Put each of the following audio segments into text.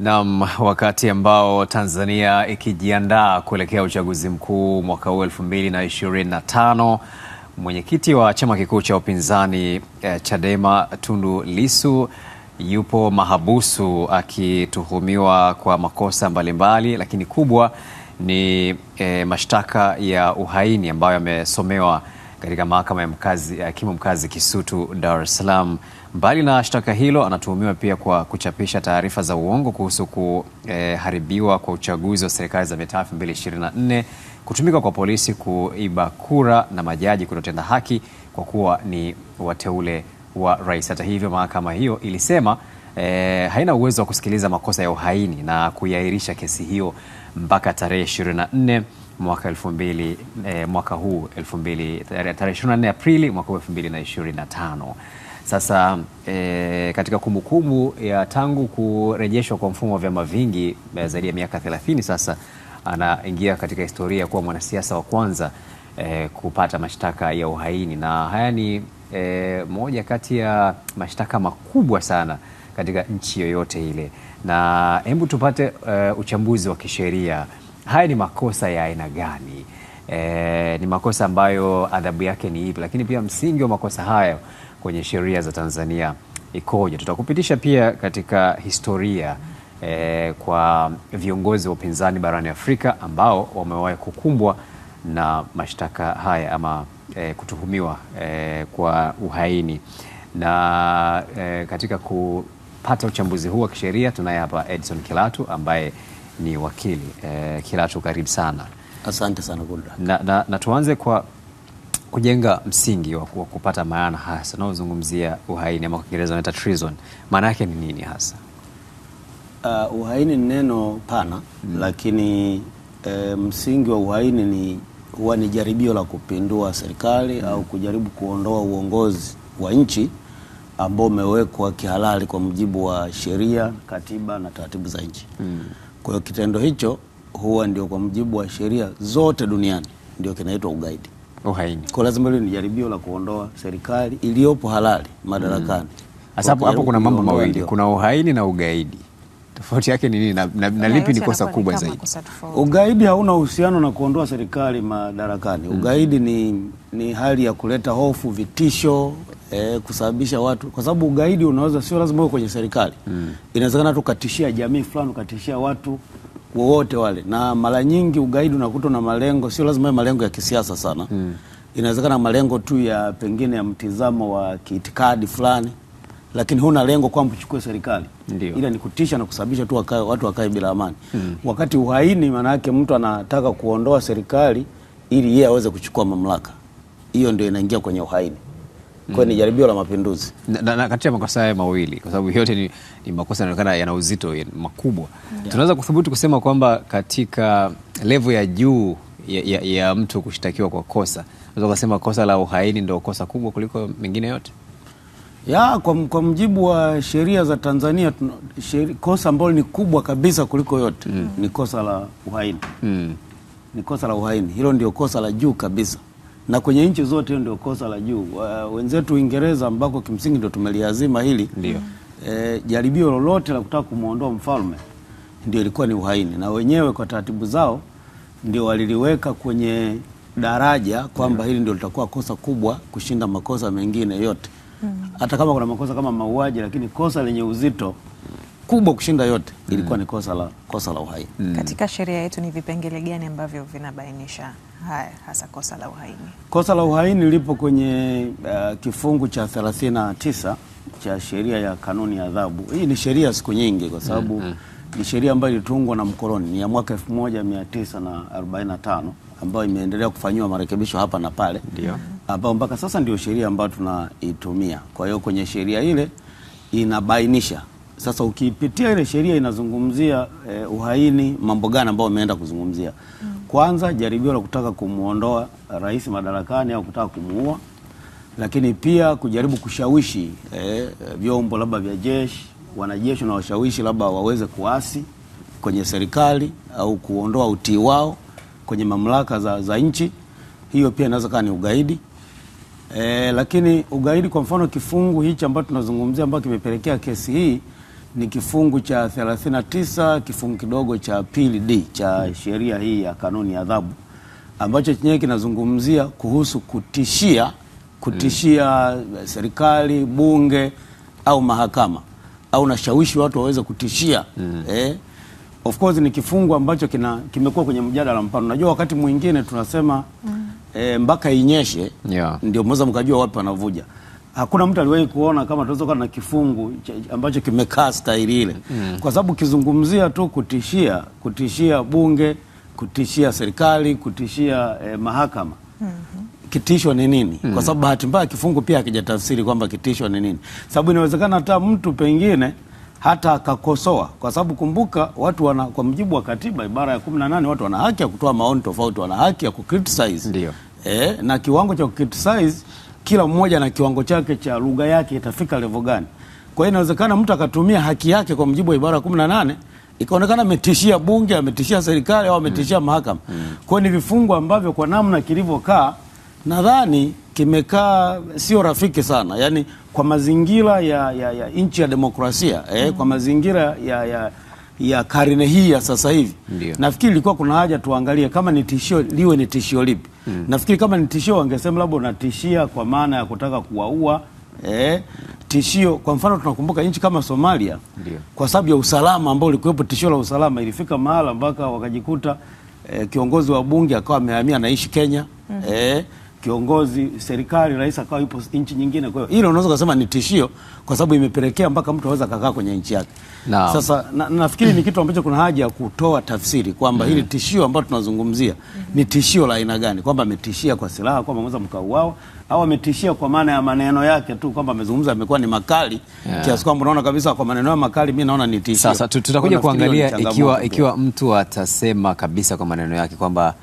Naam, wakati ambao Tanzania ikijiandaa kuelekea uchaguzi mkuu mwaka huu 2025, mwenyekiti wa chama kikuu cha upinzani eh, Chadema Tundu Lissu yupo mahabusu akituhumiwa kwa makosa mbalimbali mbali, lakini kubwa ni eh, mashtaka ya uhaini ambayo yamesomewa katika mahakama ya hakimu mkazi Kisutu Dar es Salaam. Mbali na shtaka hilo, anatuhumiwa pia kwa kuchapisha taarifa za uongo kuhusu kuharibiwa eh, kwa uchaguzi wa serikali za mitaa 2024, kutumika kwa polisi kuiba kura na majaji kutotenda haki kwa kuwa ni wateule wa rais. Hata hivyo, mahakama hiyo ilisema eh, haina uwezo wa kusikiliza makosa ya uhaini na kuiahirisha kesi hiyo mpaka tarehe 24 mwaka 2000, eh, mwaka huu 2000, tarehe 24 Aprili mwaka 2025. Sasa e, katika kumbukumbu ya tangu kurejeshwa kwa mfumo wa vyama vingi eh, zaidi ya miaka 30 sasa, anaingia katika historia kuwa mwanasiasa wa kwanza e, kupata mashtaka ya uhaini, na haya ni e, moja kati ya mashtaka makubwa sana katika nchi yoyote ile. Na hebu tupate e, uchambuzi wa kisheria, haya ni makosa ya aina gani? E, ni makosa ambayo adhabu yake ni ipi? Lakini pia msingi wa makosa hayo kwenye sheria za Tanzania ikoje. Tutakupitisha pia katika historia eh, kwa viongozi wa upinzani barani Afrika ambao wamewahi kukumbwa na mashtaka haya ama eh, kutuhumiwa eh, kwa uhaini na eh, katika kupata uchambuzi huu wa kisheria tunaye hapa Edson Kilatu ambaye ni wakili eh. Kilatu, karibu sana. Asante sana Gulda. Na, na, na tuanze kwa kujenga msingi wa kupata maana hasa unaozungumzia uhaini ama kwa Kiingereza wanaita treason, maana yake ni nini hasa? Uh, uhaini ni neno pana mm. Lakini e, msingi wa uhaini ni huwa ni jaribio la kupindua serikali mm. au kujaribu kuondoa uongozi wa nchi ambao umewekwa kihalali kwa mujibu wa sheria, katiba na taratibu za nchi mm. Kwa hiyo kitendo hicho huwa ndio kwa mujibu wa sheria zote duniani ndio kinaitwa ugaidi uhaini. Kwa lazima ile ni jaribio la kuondoa serikali iliyopo halali madarakani. Sasa mm. hapo kuna mambo mawili, kuna uhaini na ugaidi. Tofauti yake ni nini na, na, na lipi ni kosa kubwa zaidi? Ugaidi hauna uhusiano na kuondoa serikali madarakani. Mm. Ugaidi ni, ni hali ya kuleta hofu, vitisho eh, kusababisha watu, kwa sababu ugaidi unaweza, sio lazima uwe kwenye serikali mm. Inawezekana tu katishia jamii fulani, katishia watu wowote wale, na mara nyingi ugaidi unakuta na malengo, sio lazima malengo ya kisiasa sana mm. Inawezekana malengo tu ya pengine ya mtizamo wa kiitikadi fulani, lakini huna lengo kwamba uchukue serikali, ila ni kutisha na kusababisha tu wakai, watu wakae bila amani mm. Wakati uhaini, maana yake mtu anataka kuondoa serikali ili yeye aweze kuchukua mamlaka, hiyo ndio inaingia kwenye uhaini. Kwa ni mm. jaribio la mapinduzi na, na, na makosa haya mawili, kwa sababu yote ni, ni makosa yanaonekana yana uzito ya, makubwa yeah. Tunaweza kuthubutu kusema kwamba katika levo ya juu ya, ya, ya mtu kushtakiwa kwa kosa, unaweza kusema kosa la uhaini ndio kosa kubwa kuliko mengine yote ya kwa, kwa mjibu wa sheria za Tanzania sheri, kosa ambalo ni kubwa kabisa kuliko yote mm. ni kosa la uhaini mm. ni kosa la uhaini, hilo ndio kosa la juu kabisa na kwenye nchi zote, ndio kosa la juu. Uh, wenzetu Uingereza ambako kimsingi ndio tumeliazima hili ndio. E, jaribio lolote la kutaka kumwondoa mfalme ndio ilikuwa ni uhaini, na wenyewe kwa taratibu zao ndio waliliweka kwenye daraja kwamba hili ndio litakuwa kosa kubwa kushinda makosa mengine yote, hmm. hata kama kuna makosa kama mauaji, lakini kosa lenye uzito kubwa kushinda yote mm. ilikuwa mm. ni kosa la, kosa la uhaini mm. Katika sheria yetu ni vipengele gani ambavyo vinabainisha haya hasa kosa la uhaini? Kosa la uhaini lipo kwenye uh, kifungu cha 39 cha sheria ya kanuni ya adhabu. Hii ni sheria siku nyingi kwa sababu mm -hmm. ni sheria ambayo ilitungwa na mkoloni, ni ya mwaka 1945 ambayo imeendelea kufanyiwa marekebisho hapa na pale, ndio ambayo mpaka sasa ndio sheria ambayo tunaitumia. Kwa hiyo kwenye sheria ile inabainisha sasa ukipitia ile sheria inazungumzia eh, uhaini, mambo gani ambayo umeenda kuzungumzia? Kwanza jaribio la kutaka kumwondoa rais madarakani au kutaka kumuua, lakini pia kujaribu kushawishi eh, vyombo labda vya jeshi, wanajeshi na washawishi labda waweze kuasi kwenye serikali au kuondoa utii wao kwenye mamlaka za, za nchi. Hiyo pia inaweza kuwa ni ugaidi. E, lakini ugaidi kwa mfano kifungu hichi ambacho tunazungumzia ambacho kimepelekea kesi hii ni kifungu cha 39 kifungu kidogo cha pili d cha sheria hii ya kanuni ya adhabu ambacho chenyewe kinazungumzia kuhusu kutishia kutishia mm. serikali, bunge au mahakama au nashawishi watu waweze kutishia mm. eh, of course ni kifungu ambacho kina kimekuwa kwenye mjadala mpano najua wakati mwingine tunasema mm. eh, mpaka inyeshe yeah. ndio mweza mkajua wapi wanavuja hakuna mtu aliwahi kuona kama tunaweza kuwa na kifungu ambacho kimekaa staili ile mm. Kwa sababu kizungumzia tu kutishia, kutishia bunge, kutishia serikali, kutishia eh, mahakama mm -hmm. Kitisho ni nini? mm. Kwa sababu bahati mbaya kifungu pia hakijatafsiri kwamba kitisho ni nini, sababu inawezekana hata mtu pengine hata akakosoa, kwa sababu kumbuka, watu wana, kwa mjibu wa katiba ibara ya 18 watu wana haki ya kutoa maoni tofauti, wana haki ya ku Eh, na kiwango cha ku kila mmoja na kiwango chake cha lugha yake itafika level gani. Kwa hiyo inawezekana mtu akatumia haki yake kwa mujibu wa ibara ya kumi na nane ikaonekana ametishia bunge, ametishia serikali au ametishia mm. mahakama mm. Kwa hiyo ni vifungu ambavyo kwa namna kilivyokaa nadhani kimekaa sio rafiki sana, yaani kwa mazingira ya, ya, ya nchi ya demokrasia eh, mm. kwa mazingira ya, ya ya karne hii ya sasa hivi. Nafikiri ilikuwa kuna haja tuangalie kama ni tishio liwe ni tishio lipi. Mm. Nafikiri kama ni tishio wangesema labda unatishia kwa maana ya kutaka kuwaua eh, tishio. Kwa mfano tunakumbuka nchi kama Somalia Ndiyo. kwa sababu ya usalama ambao ulikuwepo, tishio la usalama, ilifika mahala mpaka wakajikuta eh, kiongozi wa bunge akawa amehamia anaishi Kenya. Mm. eh, kiongozi serikali, rais akawa yupo nchi nyingine. Kwa hiyo hilo unaweza kusema ni tishio, kwa sababu imepelekea mpaka mtu aweza kakaa kwenye nchi yake no. Sasa na, nafikiri ni kitu ambacho kuna haja ya kutoa tafsiri kwamba hili mm-hmm. tishio ambalo tunazungumzia mm-hmm. ni tishio la aina gani, kwamba ametishia kwa silaha kwamba mweza mkauawa au ametishia kwa maana ya maneno yake tu kwamba amezungumza amekuwa ni makali yeah, kiasi kwamba unaona kabisa kwa maneno ya makali, mimi naona ni tishio. Sasa tutakuja kuangalia ikiwa, ikiwa mtu atasema kabisa kwa maneno yake kwamba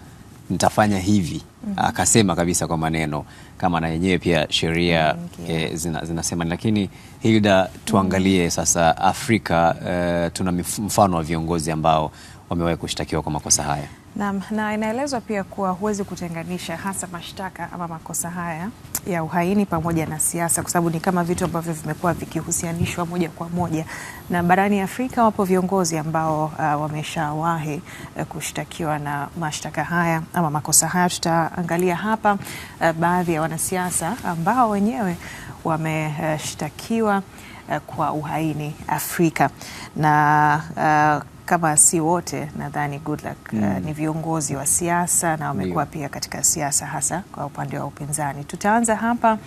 nitafanya hivi mm -hmm. Akasema kabisa kwa maneno kama na yenyewe pia sheria mm eh, zina, zinasema. Lakini Hilda, tuangalie mm. sasa Afrika eh, tuna mfano wa viongozi ambao wamewahi kushtakiwa kwa makosa haya. Naam, na inaelezwa pia kuwa huwezi kutenganisha hasa mashtaka ama makosa haya ya uhaini pamoja na siasa, kwa sababu ni kama vitu ambavyo vimekuwa vikihusianishwa moja kwa moja, na barani Afrika wapo viongozi ambao uh, wameshawahi uh, kushtakiwa na mashtaka haya ama makosa haya. Tutaangalia hapa uh, baadhi ya wanasiasa ambao wenyewe wameshtakiwa uh, uh, kwa uhaini Afrika na uh, kama si wote, nadhani Goodluck mm. uh, ni viongozi wa siasa na wamekuwa pia katika siasa hasa kwa upande wa upinzani. Tutaanza hapa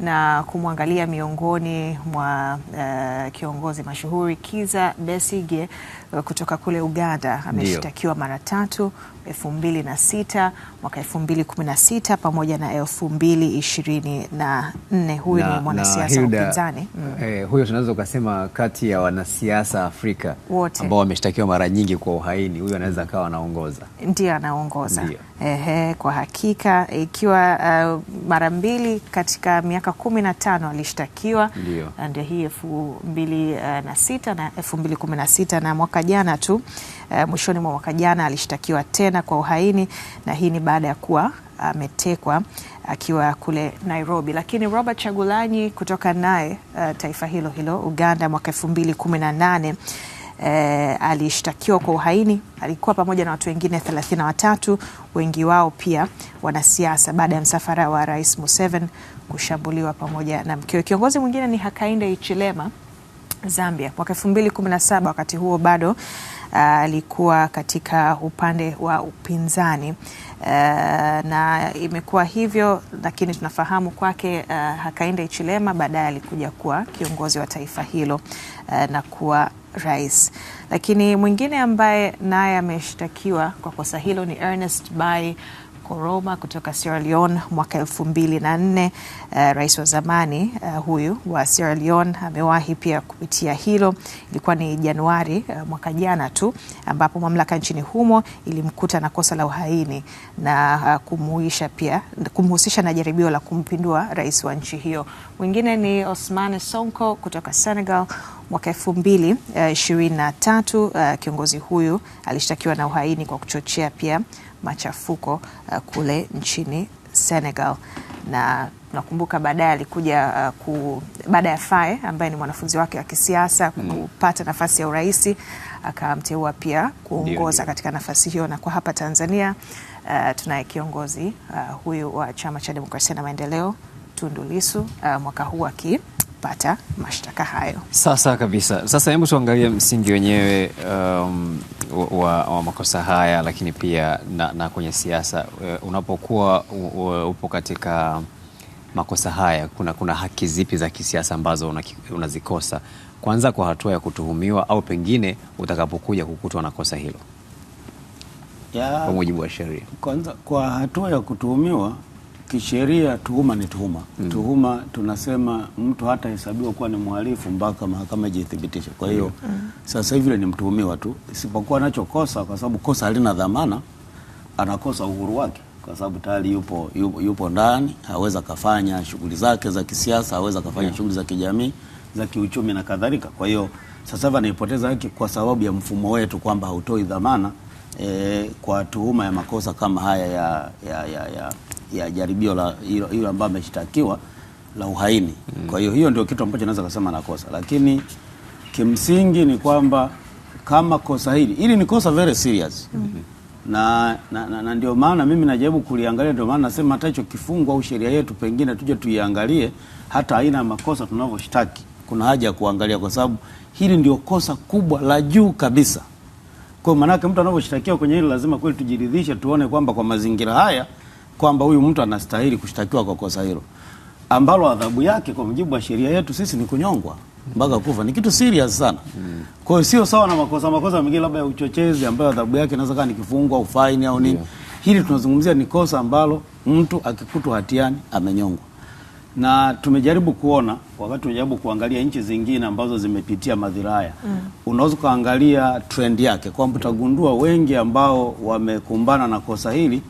na kumwangalia miongoni mwa uh, kiongozi mashuhuri Kizza Besigye Uh, kutoka kule Uganda ameshtakiwa mara tatu, elfu mbili na sita mwaka elfu mbili kumi na sita pamoja na elfu mbili ishirini na nne Huyu ni mwanasiasa wa upinzani mm. Eh, huyo tunaweza ukasema kati ya wanasiasa Afrika wote ambao wameshtakiwa mara nyingi kwa uhaini, huyo anaweza akawa anaongoza, ndio anaongoza. Ehe, kwa hakika ikiwa uh, mara mbili katika miaka kumi na tano alishtakiwa, ndio hii elfu mbili uh, na sita na elfu mbili kumi na sita na mwaka mwaka jana tu e, mwishoni mwa mwaka jana alishtakiwa tena kwa uhaini, na hii ni baada ya kuwa ametekwa akiwa kule Nairobi. Lakini Robert Chagulanyi kutoka naye uh, taifa hilo hilo Uganda mwaka elfu mbili kumi na nane E, alishtakiwa kwa uhaini. Alikuwa pamoja na watu wengine thelathini na watatu, wengi wao pia wanasiasa, baada ya msafara wa Rais Museveni kushambuliwa pamoja na mkewe. Kiongozi mwingine ni Hakainde Hichilema Zambia mwaka saba Wakati huo bado uh, alikuwa uh, katika upande wa upinzani uh, na imekuwa hivyo, lakini tunafahamu kwake uh, Hakainde Hichilema baadaye alikuja kuwa kiongozi wa taifa hilo uh, na kuwa rais. Lakini mwingine ambaye naye ameshtakiwa kwa kosa hilo ni Ernest Bai Koroma kutoka Sierra Leone mwaka elfu mbili na nne. Uh, rais wa zamani uh, huyu wa Sierra Leone amewahi pia kupitia hilo. Ilikuwa ni Januari uh, mwaka jana tu ambapo mamlaka nchini humo ilimkuta na kosa la uhaini na uh, kumuisha pia kumhusisha na jaribio la kumpindua rais wa nchi hiyo. Mwingine ni Ousmane Sonko kutoka Senegal mwaka elfu mbili ishirini na tatu. Uh, kiongozi huyu alishtakiwa na uhaini kwa kuchochea pia machafuko uh, kule nchini Senegal na nakumbuka baadaye alikuja uh, ku, baada ya Faye ambaye ni mwanafunzi wake wa kisiasa mm. kupata nafasi ya urais akamteua pia kuongoza katika nafasi hiyo, na kwa hapa Tanzania uh, tunaye kiongozi uh, huyu wa Chama cha Demokrasia na Maendeleo Tundu Lissu uh, mwaka huu aki kupata mashtaka hayo. Sasa kabisa. Sasa hebu tuangalie msingi wenyewe um, wa, wa makosa haya, lakini pia na, na kwenye siasa eh, unapokuwa upo katika makosa haya kuna, kuna haki zipi za kisiasa ambazo unazikosa una kwanza kwa hatua ya kutuhumiwa au pengine utakapokuja kukutwa na kosa hilo kwa mujibu wa sheria? Kwanza kwa hatua ya kutuhumiwa kisheria tuhuma ni tuhuma mm. Tuhuma tunasema mtu hatahesabiwa kuwa ni mhalifu mpaka mahakama ijithibitishe. Kwa hiyo mm. mm. Sasa hivi ni mtuhumiwa tu, isipokuwa anachokosa, kwa sababu kosa halina dhamana, anakosa uhuru wake kwa sababu tayari yupo, yupo, yupo ndani, haweza kafanya shughuli zake za kisiasa, haweza kafanya yeah. shughuli za kijamii, za kiuchumi na kadhalika. Kwa hiyo sasa hivi anaipoteza haki kwa sababu ya mfumo wetu kwamba hautoi dhamana eh, kwa tuhuma ya makosa kama haya ya, ya, ya, ya ya jaribio la hilo ambayo ameshtakiwa la uhaini mm. Kwa hiyo hiyo ndio kitu ambacho naweza kusema na kosa, lakini kimsingi ni kwamba kama kosa hili hili ni kosa very serious mm -hmm. na, na, na, na ndio maana mimi najaribu kuliangalia, ndio maana nasema hata hicho kifungu au sheria yetu pengine tuje tuiangalie hata aina ya makosa tunavyoshtaki, kuna haja ya kuangalia kwa sababu hili ndio kosa kubwa la juu kabisa. Kwa maana yake mtu anavyoshtakiwa kwenye hili lazima kweli tujiridhishe, tuone kwamba kwa mazingira haya kwamba huyu mtu anastahili kushtakiwa kwa kosa hilo ambalo adhabu yake kwa mujibu wa sheria yetu sisi ni kunyongwa mpaka kufa. Ni kitu serious sana. Kwa hiyo sio sawa na makosa makosa mengine labda ya uchochezi ambayo adhabu yake inaweza kuwa ni kifungo au faini au nini. Yeah. Hili tunazungumzia ni kosa ambalo mtu akikutwa hatiani amenyongwa. Na tumejaribu kuona wakati tumejaribu kuangalia nchi zingine ambazo zimepitia madhila haya. Mm. Unaweza kuangalia trend yake kwamba utagundua wengi ambao wamekumbana na kosa hili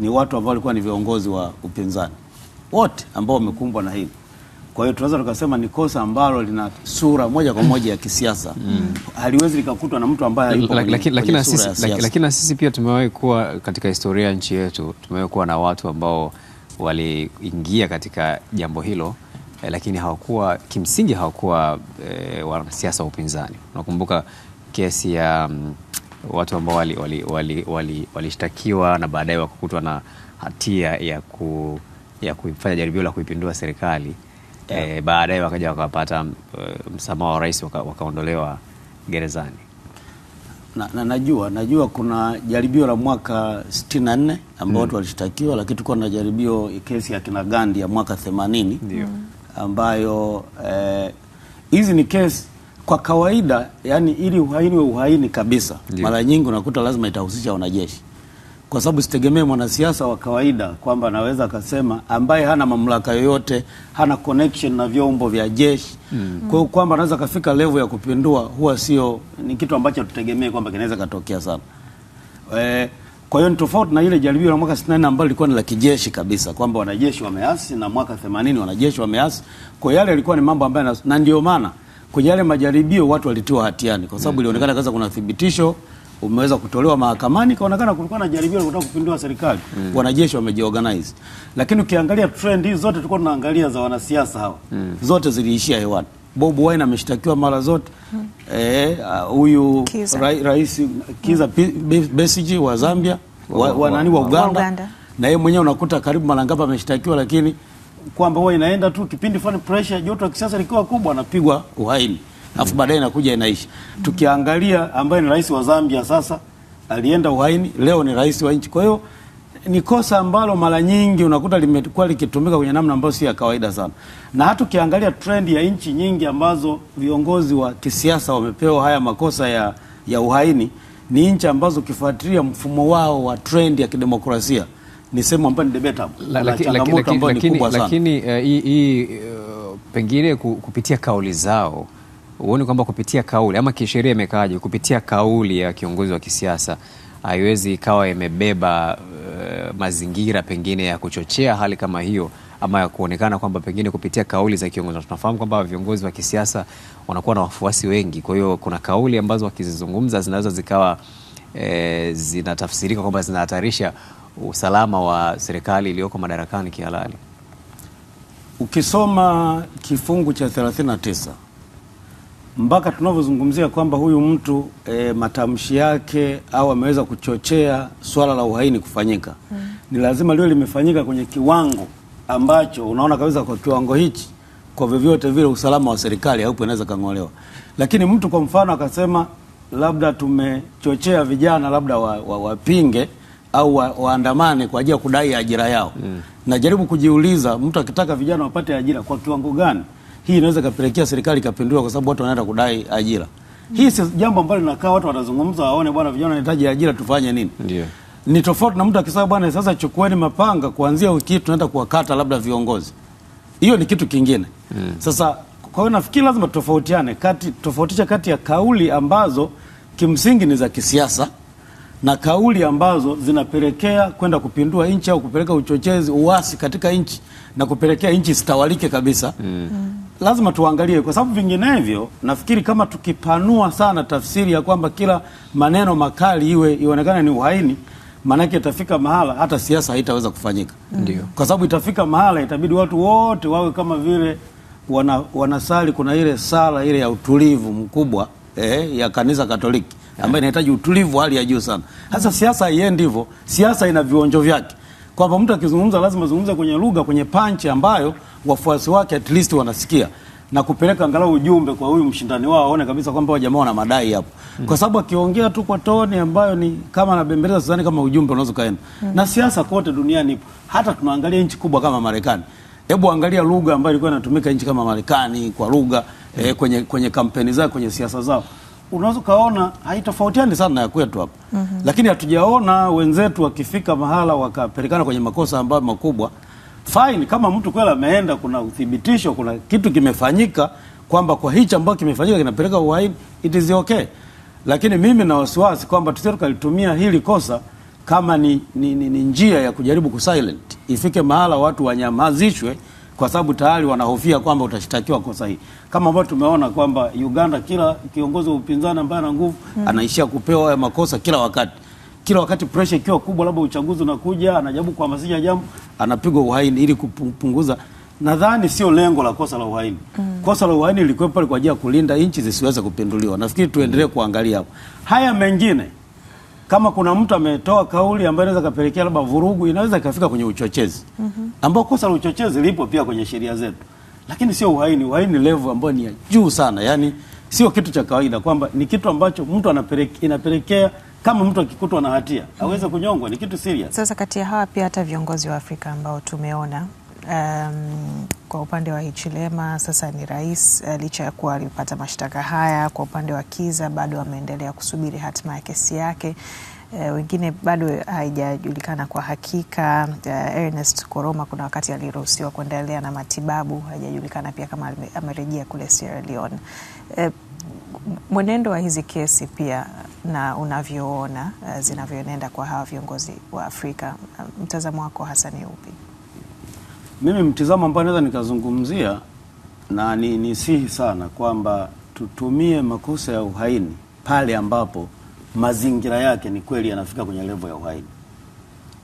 ni watu ambao walikuwa ni viongozi wa upinzani wote ambao wamekumbwa na hili. Kwa hiyo tunaweza tukasema ni kosa ambalo lina sura moja kwa moja ya kisiasa mm. haliwezi likakutwa na mtu ambaye lakini, na sisi pia tumewahi kuwa katika historia ya nchi yetu, tumewahi kuwa na watu ambao waliingia katika jambo hilo eh, lakini hawakuwa kimsingi hawakuwa eh, wanasiasa wa upinzani. Unakumbuka kesi ya um, watu ambao walishtakiwa wali, wali, wali na baadaye wakakutwa na hatia ya, ku, ya kufanya jaribio la kuipindua serikali yeah. E, baadaye wakaja wakapata eh, msamaha wa rais waka, wakaondolewa gerezani. Na, na, najua najua kuna jaribio la mwaka 64 ambao watu mm. walishtakiwa, lakini tulikuwa na jaribio eh, kesi ya kina Gandhi ya mwaka 80 mm. ambayo hizi eh, ni kesi kwa kawaida, yani ili uhaini we uhaini kabisa, yeah. mara nyingi unakuta lazima itahusisha wanajeshi, kwa sababu sitegemee mwanasiasa wa kawaida kwamba anaweza akasema, ambaye hana mamlaka yoyote, hana connection na vyombo vya jeshi mm. kwa hiyo kwamba anaweza akafika level ya kupindua, huwa sio ni kitu ambacho tutegemee kwamba kinaweza katokea sana e, kwa hiyo ni tofauti na ile jaribio la mwaka 64 ambalo lilikuwa ni la kijeshi kabisa, kwamba wanajeshi wameasi, na mwaka 80 wanajeshi wameasi. Kwa hiyo yale yalikuwa ni mambo ambayo, na ndio maana kwenye yale majaribio watu walitiwa hatiani kwa sababu mm. ilionekana kaza kuna thibitisho umeweza kutolewa mahakamani, kaonekana kulikuwa na jaribio la kutaka kupindua serikali mm. wanajeshi wamejiorganize. Lakini ukiangalia trend hizi zote tulikuwa tunaangalia za wanasiasa hawa mm. zote ziliishia hewani. Bob Wine ameshtakiwa mara zote mm. eh, uh, huyu uh, ra, rais Kiza mm. Besigye wa Zambia wa, wa, wa, wa, wa, wa Uganda, Uganda. na yeye mwenyewe unakuta karibu mara ngapi ameshtakiwa lakini kwamba huwa inaenda tu kipindi fulani, pressure joto ya kisasa likiwa kubwa, anapigwa uhaini alafu baadaye inakuja inaisha. Tukiangalia ambaye ni rais wa Zambia sasa alienda uhaini, leo ni rais wa nchi. Kwa hiyo ni kosa ambalo mara nyingi unakuta limekuwa likitumika kwenye namna ambayo si ya kawaida sana, na hata ukiangalia trend ya nchi nyingi ambazo viongozi wa kisiasa wamepewa haya makosa ya, ya uhaini ni nchi ambazo ukifuatilia mfumo wao wa trend ya kidemokrasia ni sehemu ambayo ni debeta changamoto ambayo ni kubwa sana. Lakini eh, hii uh, uh, pengine kupitia kauli zao huoni kwamba kupitia kauli ama kisheria imekaaje? Kupitia kauli ya kiongozi wa kisiasa haiwezi ikawa imebeba uh, mazingira pengine ya kuchochea hali kama hiyo ama ya kuonekana kwamba pengine kupitia kauli za kiongozi. Tunafahamu kwamba viongozi wa kisiasa wanakuwa na wafuasi wengi, kwa hiyo kuna kauli ambazo wakizizungumza zinaweza zikawa eh, zinatafsirika kwamba zinahatarisha usalama wa serikali iliyoko madarakani kihalali? Ukisoma kifungu cha 39 mpaka tunavyozungumzia kwamba huyu mtu e, matamshi yake au ameweza kuchochea swala la uhaini kufanyika hmm. ni lazima liwe limefanyika kwenye kiwango ambacho unaona kabisa, kwa kiwango hichi, kwa vyovyote vile usalama wa serikali haupo, inaweza kang'olewa. Lakini mtu kwa mfano akasema labda tumechochea vijana labda wapinge wa, wa au wa, waandamane kwa ajili ya kudai ajira yao mm. Najaribu kujiuliza mtu akitaka vijana wapate ajira kwa kiwango gani hii inaweza kapelekea serikali kapindua kwa sababu watu wanaenda kudai ajira mm. Hii si jambo ambalo linakaa watu wanazungumza waone, bwana, vijana wanahitaji ajira, tufanye nini? Ndiyo. Ni tofauti na mtu akisema bwana, sasa chukueni mapanga, kuanzia wiki hii tunaenda kuwakata labda viongozi. Hiyo ni kitu kingine mm. Sasa kwa hiyo nafikiri lazima tofautiane kati, tofautisha kati ya kauli ambazo kimsingi ni za kisiasa Mm na kauli ambazo zinapelekea kwenda kupindua nchi au kupeleka uchochezi, uasi katika nchi na kupelekea nchi sitawalike kabisa mm. mm. Lazima tuangalie, kwa sababu vinginevyo nafikiri kama tukipanua sana tafsiri ya kwamba kila maneno makali iwe ionekane ni uhaini, maanake itafika mahala hata siasa haitaweza kufanyika mm. Kwa sababu itafika mahala itabidi watu wote wawe kama vile wana, wanasali kuna ile sala ile ya utulivu mkubwa eh, ya kanisa Katoliki ambayo inahitaji utulivu hali ya juu sana. Sasa siasa haiendi hivyo, siasa ina vionjo vyake, kwamba mtu akizungumza lazima azungumze kwenye lugha, kwenye panchi ambayo wafuasi wake at least wanasikia na kupeleka angalau ujumbe kwa huyu mshindani wao, aone kabisa kwamba wao jamaa wana madai hapo, mm. kwa sababu akiongea tu kwa toni ambayo ni kama anabembeleza, sidhani kama ujumbe unaweza ukaenda. Mm. Na siasa kote duniani ipo, hata tunaangalia nchi kubwa kama Marekani. Hebu angalia lugha ambayo ilikuwa inatumika nchi kama Marekani kwa lugha mm. eh, kwenye, kwenye kampeni zao, kwenye siasa zao unaweza ukaona haitofautiani sana ya kwetu hapa mm -hmm. Lakini hatujaona wenzetu wakifika mahala wakapelekana kwenye makosa ambayo makubwa. Fine, kama mtu kweli ameenda, kuna uthibitisho, kuna kitu kimefanyika kwamba kwa hichi ambacho kimefanyika kinapeleka uhaini, it is okay. Lakini mimi na wasiwasi kwamba tusije tukalitumia hili kosa kama ni, ni, ni, ni njia ya kujaribu kusilent, ifike mahala watu wanyamazishwe kwa sababu tayari wanahofia kwamba utashtakiwa kosa hili, kama ambavyo tumeona kwamba Uganda kila kiongozi wa upinzani ambaye ana nguvu mm. anaishia kupewa haya makosa kila wakati kila wakati pressure ikiwa kubwa, labda uchaguzi unakuja, anajaribu kuhamasisha jambo, anapigwa uhaini ili kupunguza. Nadhani sio lengo la kosa la uhaini mm. kosa la uhaini lilikuwa pale kwa ajili ya kulinda nchi zisiweze kupinduliwa. Nafikiri tuendelee hmm. kuangalia hapo haya mengine kama kuna mtu ametoa kauli ambayo inaweza kapelekea labda vurugu, inaweza ikafika kwenye uchochezi mm -hmm. ambao kosa la uchochezi lipo pia kwenye sheria zetu, lakini sio uhaini. Uhaini level ambayo ni ya juu sana, yani sio kitu cha kawaida, kwamba ni kitu ambacho mtu anapeleke, inapelekea kama mtu akikutwa na hatia aweze kunyongwa, ni kitu serious. Sasa kati ya hawa pia hata viongozi wa Afrika ambao tumeona Um, kwa upande wa Hichilema sasa ni rais uh, licha ya kuwa alipata mashtaka haya. Kwa upande wa Kiza bado ameendelea kusubiri hatima ya kesi yake. Uh, wengine bado haijajulikana kwa hakika. Uh, Ernest Koroma kuna wakati aliruhusiwa kuendelea na matibabu, haijajulikana pia kama amerejea kule Sierra Leone. Uh, mwenendo wa hizi kesi pia na unavyoona uh, zinavyonenda kwa hawa viongozi wa Afrika, uh, mtazamo wako hasa ni upi? Mimi mtizamo ambao naweza nikazungumzia na ni nisihi sana kwamba tutumie makosa ya uhaini pale ambapo mazingira yake ni kweli yanafika kwenye levo ya uhaini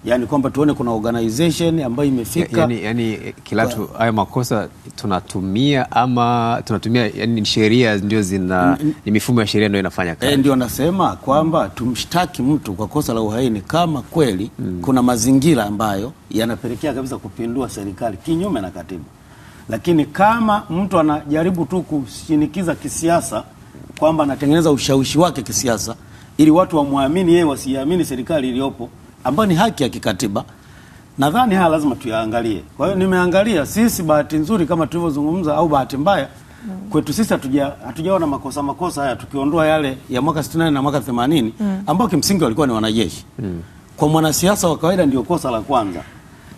yani kwamba tuone kuna organization ambayo imefika yani, yani eh, Kilatu, haya makosa tunatumia ama tunatumia yani sheria ndio zina ni mifumo ya sheria ndio inafanya eh, kazi. E, ndio nasema kwamba tumshtaki mtu kwa kosa la uhaini kama kweli mm. kuna mazingira ambayo yanapelekea kabisa kupindua serikali kinyume na katiba, lakini kama mtu anajaribu tu kushinikiza kisiasa kwamba anatengeneza ushawishi wake kisiasa ili watu wamwamini yeye wasiamini serikali iliyopo ambayo ni haki ya kikatiba, nadhani haya lazima tuyaangalie. Kwa hiyo nimeangalia, sisi bahati nzuri kama tulivyozungumza au bahati mbaya kwetu sisi hatujaona makosa makosa haya, tukiondoa yale ya mwaka 68 na mwaka 80 mm. ambao kimsingi walikuwa ni wanajeshi mm. Kwa mwanasiasa wa kawaida ndio kosa la kwanza,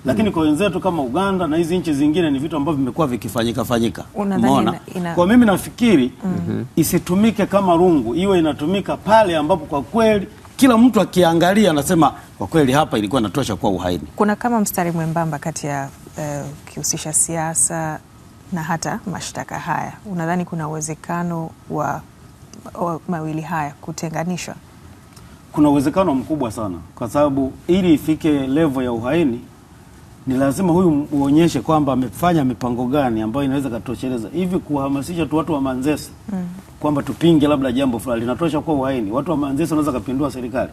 lakini mm. kwa wenzetu kama Uganda na hizi nchi zingine ni vitu ambavyo vimekuwa vikifanyika fanyika. Umeona, ina... kwa mimi nafikiri mm -hmm. isitumike kama rungu, iwe inatumika pale ambapo kwa kweli kila mtu akiangalia anasema kwa kweli hapa ilikuwa inatosha kuwa uhaini. Kuna kama mstari mwembamba kati ya eh, ukihusisha uh, siasa na hata mashtaka haya. Unadhani kuna uwezekano wa, wa mawili haya kutenganishwa? Kuna uwezekano mkubwa sana, kwa sababu ili ifike levo ya uhaini ni lazima huyu uonyeshe kwamba amefanya mipango gani ambayo inaweza katosheleza. Hivi kuhamasisha tu watu wa Manzese mm. kwamba tupinge labda jambo fulani linatosha kuwa uhaini? Watu wa Manzese wanaweza kapindua serikali,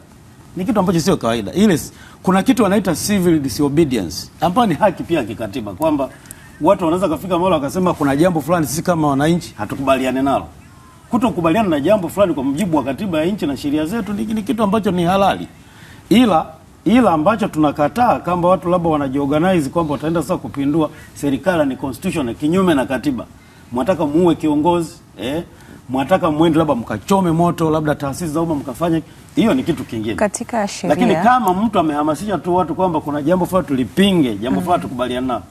ni kitu ambacho sio kawaida. Ile kuna kitu wanaita civil disobedience ambayo ni haki pia kikatiba, kwamba watu wanaweza kafika mahali wakasema kuna jambo fulani sisi kama wananchi hatukubaliane nalo. Kutokubaliana na jambo fulani kwa mujibu wa katiba ya nchi na sheria zetu ni kitu ambacho ni halali, ila ila ambacho tunakataa kama watu labda wanajiorganize kwamba wataenda sasa kupindua serikali ni constitution na kinyume na katiba. Mwataka muue kiongozi eh? Mwataka muende labda mkachome moto labda taasisi za umma mkafanya, hiyo ni kitu kingine katika sheria. Lakini kama mtu amehamasisha tu watu kwamba kuna jambo fulani tulipinge, jambo mm. fulani mm, tukubaliana nalo,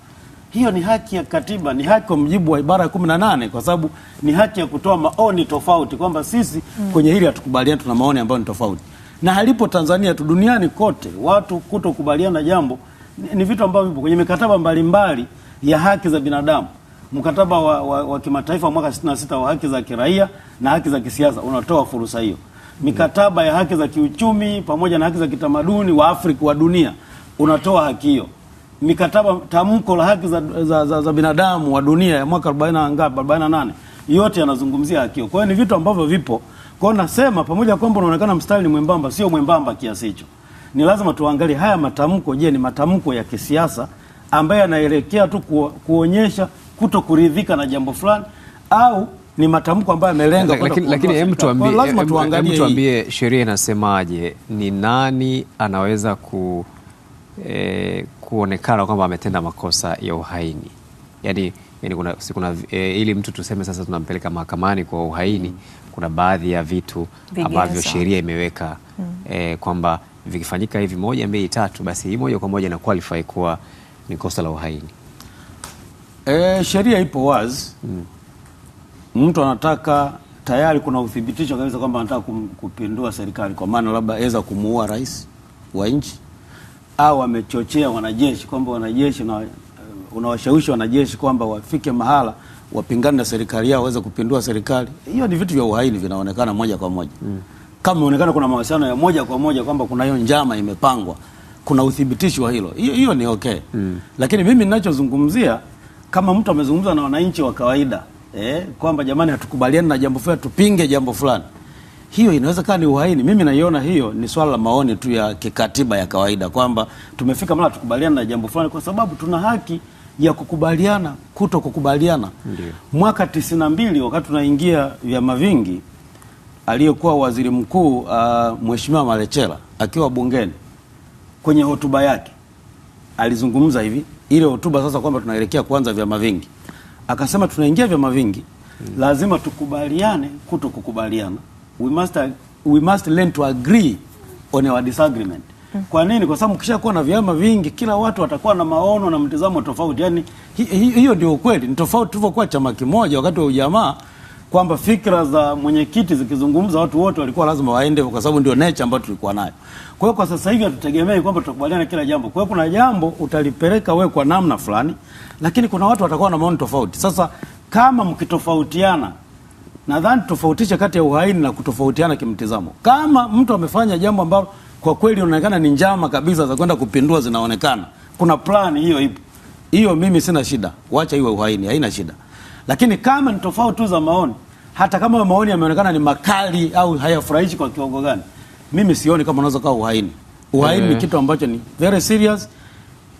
hiyo ni haki ya katiba, ni haki kwa mjibu wa ibara ya kumi nane kwa sababu ni haki ya kutoa maoni tofauti, kwamba sisi mm, kwenye hili hatukubaliani, tuna maoni ambayo ni tofauti na halipo Tanzania tu, duniani kote. Watu kutokubaliana jambo ni, ni vitu ambavyo vipo kwenye mikataba mbalimbali ya haki za binadamu. Mkataba wa, wa, wa kimataifa mwaka 66 wa haki za kiraia na haki za kisiasa unatoa fursa hiyo. Mikataba ya haki za kiuchumi pamoja na haki za kitamaduni wa Afrika wa dunia unatoa haki hiyo. Mikataba tamko la haki za, za, za, za binadamu wa dunia ya mwaka 40 ngapi 48 yote yanazungumzia haki hiyo. Kwa hiyo ni vitu ambavyo vipo kwa nasema pamoja kwamba unaonekana mstari ni mwembamba, sio mwembamba kiasi hicho. Ni lazima tuangalie haya matamko, je, ni matamko ya kisiasa ambayo yanaelekea tu ku, kuonyesha kuto kuridhika na jambo fulani au ni matamko ambayo yamelenga lakini, lakini lazima tuangalie, tuambie sheria inasemaje, ni nani anaweza ku, eh, kuonekana kwamba ametenda makosa ya uhaini? yani, yani kuna, si kuna e, ili mtu tuseme sasa tunampeleka mahakamani kwa uhaini mm. kuna baadhi ya vitu Vigeza. ambavyo sheria imeweka mm. e, kwamba vikifanyika hivi moja mbili tatu, basi hii moja kwa moja na qualify kuwa ni kosa la uhaini. E, sheria ipo wazi mm. mtu anataka tayari kuna uthibitisho kabisa kwamba anataka kupindua serikali, kwa maana labda aweza kumuua rais wa nchi au amechochea wanajeshi kwamba wanajeshi na unawashawishi wanajeshi kwamba wafike mahala wapingane na serikali yao waweze kupindua serikali. Hiyo ni vitu vya uhaini vinaonekana moja kwa moja mm. Kama inaonekana kuna mawasiliano ya moja kwa moja kwamba kuna hiyo njama imepangwa, kuna uthibitisho wa hilo, hiyo hiyo ni okay mm. Lakini mimi ninachozungumzia kama mtu amezungumza na wananchi wa kawaida eh, kwamba jamani, hatukubaliani na jambo fulani, tupinge jambo fulani, hiyo inaweza kuwa ni uhaini. Mimi naiona hiyo ni swala la maoni tu ya kikatiba ya kawaida, kwamba tumefika mara tukubaliana na jambo fulani kwa sababu tuna haki ya kukubaliana kuto kukubaliana. Ndiyo. Mwaka tisini na mbili wakati tunaingia vyama vingi, aliyekuwa waziri mkuu uh, mheshimiwa Malecela akiwa bungeni kwenye hotuba yake alizungumza hivi, ile hotuba sasa kwamba tunaelekea kuanza vyama vingi, akasema tunaingia vyama vingi hmm, lazima tukubaliane kuto kukubaliana, we must, we must learn to agree on our disagreement kwa nini? Kwa sababu kisha kuwa na vyama vingi, kila watu watakuwa na maono na mtizamo tofauti. Yani hiyo ndio ukweli. Ni tofauti tulivyokuwa chama kimoja wakati wa ujamaa kwamba fikra za mwenyekiti zikizungumza watu wote walikuwa lazima waende, kwa sababu ndio nature ambayo tulikuwa nayo. Kwa hiyo kwa sasa hivi hatutegemei kwamba tutakubaliana kila jambo. Kwa hiyo kuna jambo utalipeleka wewe kwa namna fulani, lakini kuna watu watakuwa na maoni tofauti. Sasa kama mkitofautiana, nadhani tofautisha kati ya uhaini na kutofautiana kimtizamo. Kama mtu amefanya jambo ambalo kwa kweli unaonekana ni njama kabisa za kwenda kupindua zinaonekana. Kuna plan hiyo ipo. Hiyo mimi sina shida. Wacha iwe uhaini, haina shida. Lakini kama ni tofauti tu za maoni, hata kama maoni yameonekana ni makali au hayafurahishi kwa kiwango gani, mimi sioni kama unaweza kuwa uhaini. Uhaini ni eh. kitu ambacho ni very serious.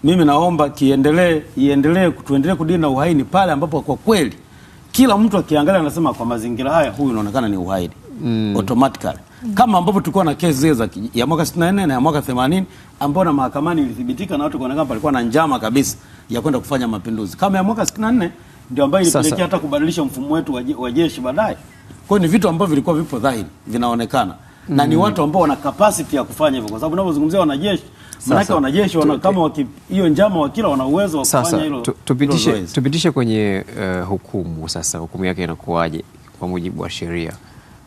Mimi naomba kiendelee, iendelee tuendelee kudina uhaini pale ambapo kwa kweli kila mtu akiangalia anasema kwa mazingira haya huyu inaonekana ni uhaini mm. automatically kama ambapo tulikuwa na kesi zile za ya mwaka 64 na ya mwaka 80 ambapo na mahakamani ilithibitika na watu kuonekana palikuwa na njama kabisa ya kwenda kufanya mapinduzi. Kama ya mwaka 64 ndio ambayo ilipelekea hata kubadilisha mfumo wetu wa jeshi baadaye. Kwa hiyo ni vitu ambavyo vilikuwa vipo dhahiri, vinaonekana na ni mm. watu ambao wana capacity ya kufanya hivyo, kwa sababu unapozungumzia wanajeshi, maanake wanajeshi wana kama hiyo njama wakila, wana uwezo wa kufanya hilo. Tupitishe tupitishe kwenye uh, hukumu sasa, hukumu yake inakuwaje kwa mujibu wa sheria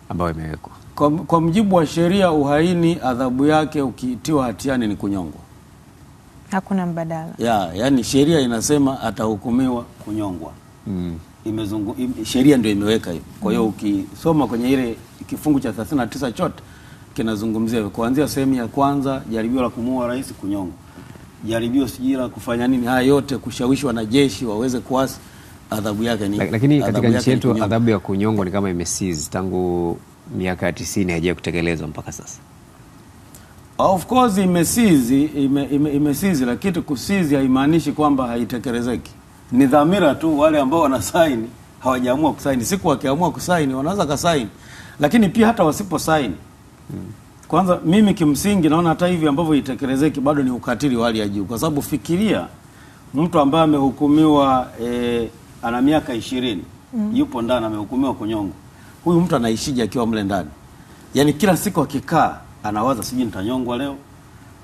ambayo imewekwa? Kwa, kwa mjibu wa sheria uhaini adhabu yake ukiitiwa hatiani ni kunyongwa, hakuna mbadala ya, yani sheria inasema atahukumiwa kunyongwa mm. Imezungu, im, sheria ndio imeweka hivyo. Kwa hiyo mm. ukisoma kwenye ile kifungu cha 39 chote kinazungumzia hivyo, kuanzia sehemu ya kwanza, jaribio la kumuua rais kunyongwa, jaribio sijui la kufanya nini, haya yote kushawishwa na jeshi waweze kuasi, adhabu yake ni. Lakini katika nchi yetu adhabu ya kunyongwa ni kama imesizi tangu miaka ya tisini haija kutekelezwa mpaka sasa. Of course imesizi ime, ime, imesizi, lakini kusizi haimaanishi kwamba haitekelezeki. Ni dhamira tu, wale ambao wanasaini hawajaamua kusaini. Siku wakiamua kusaini wanaweza kasaini, lakini pia hata wasipo saini hmm. Kwanza mimi kimsingi naona hata hivi ambavyo itekelezeki bado ni ukatili wa hali ya juu, kwa sababu fikiria mtu ambaye amehukumiwa e, ana miaka ishirini hmm. yupo ndani amehukumiwa kunyongwa huyu mtu anaishije akiwa mle ndani? Yaani kila siku akikaa anawaza sijui nitanyongwa leo.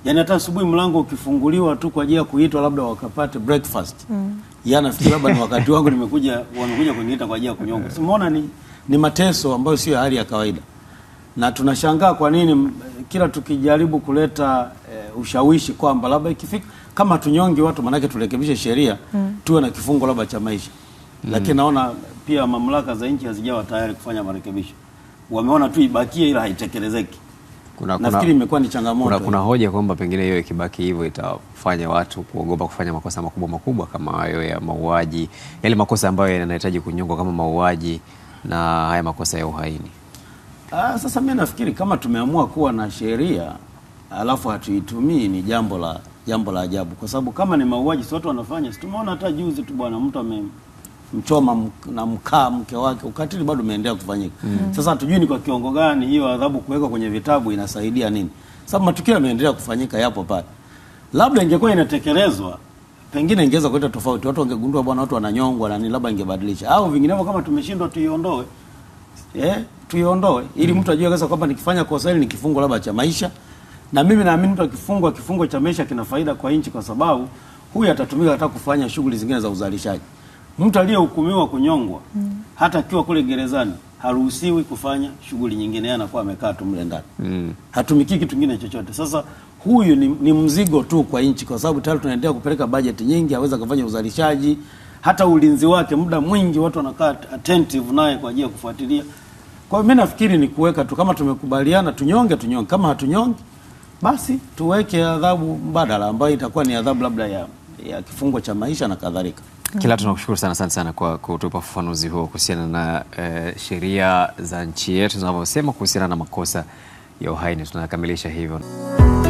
Yaani hata asubuhi mlango ukifunguliwa tu kwa ajili ya kuitwa labda wakapate breakfast. Mm. Yeye yaani anafikiri labda ni wakati wangu nimekuja wamekuja kuniita kwa ajili ya kunyongwa. Si umeona ni ni mateso ambayo sio hali ya kawaida. Na tunashangaa kwa nini kila tukijaribu kuleta e, ushawishi kwamba labda ikifika kama tunyonge watu manake turekebishe sheria mm. tuwe na kifungo labda cha maisha. Mm. Lakini naona pia mamlaka za nchi hazijawa tayari kufanya marekebisho, wameona tu ibakie, ila haitekelezeki. Kuna, nafikiri imekuwa ni changamoto. Kuna, kuna hoja kwamba pengine hiyo ikibaki hivyo itafanya watu kuogopa kufanya makosa makubwa makubwa kama hayo ya mauaji, yale makosa ambayo yanahitaji kunyongwa kama mauaji na haya makosa ya uhaini. Aa, ah, sasa mimi nafikiri kama tumeamua kuwa na sheria alafu hatuitumii ni jambo la jambo la ajabu, kwa sababu kama ni mauaji si watu wanafanya, si tumeona hata juzi tu bwana mtu ame Mchoma na mkaa mke wake, ukatili bado umeendelea kufanyika mm. Sasa hatujui ni kwa kiongo gani hiyo adhabu kuwekwa kwenye vitabu inasaidia nini, sababu matukio yameendelea kufanyika, yapo pale. Labda ingekuwa inatekelezwa, pengine ingeweza kuleta tofauti, watu wangegundua, bwana, watu wananyongwa na nini, labda ingebadilisha, au vinginevyo, kama tumeshindwa tuiondoe, eh, tuiondoe ili mm. mtu ajue kwanza kwamba nikifanya kosa hili ni kifungo labda cha maisha, na mimi naamini mtu akifungwa kifungo cha maisha kina faida kwa nchi, kwa sababu huyu atatumika hata kufanya shughuli zingine za uzalishaji. Mtu aliyehukumiwa kunyongwa mm. hata akiwa kule gerezani haruhusiwi kufanya shughuli nyingine, yeye anakuwa amekaa tu mle ndani mm. hatumiki kitu kingine chochote. Sasa huyu ni, ni mzigo tu kwa nchi, kwa sababu tayari tunaendelea kupeleka bajeti nyingi, aweza kufanya uzalishaji, hata ulinzi wake muda mwingi watu wanakaa attentive naye kwa ajili ya kufuatilia. Kwa hiyo mimi nafikiri ni kuweka tu, kama tumekubaliana tunyonge, tunyonge. Kama hatunyonge, basi tuweke adhabu mbadala ambayo itakuwa ni adhabu labda ya, ya kifungo cha maisha na kadhalika. Kila tunakushukuru sana sana sana kwa kutupa ufafanuzi huo kuhusiana na eh, sheria za nchi yetu zinavyosema kuhusiana na makosa ya uhaini. Tunakamilisha hivyo.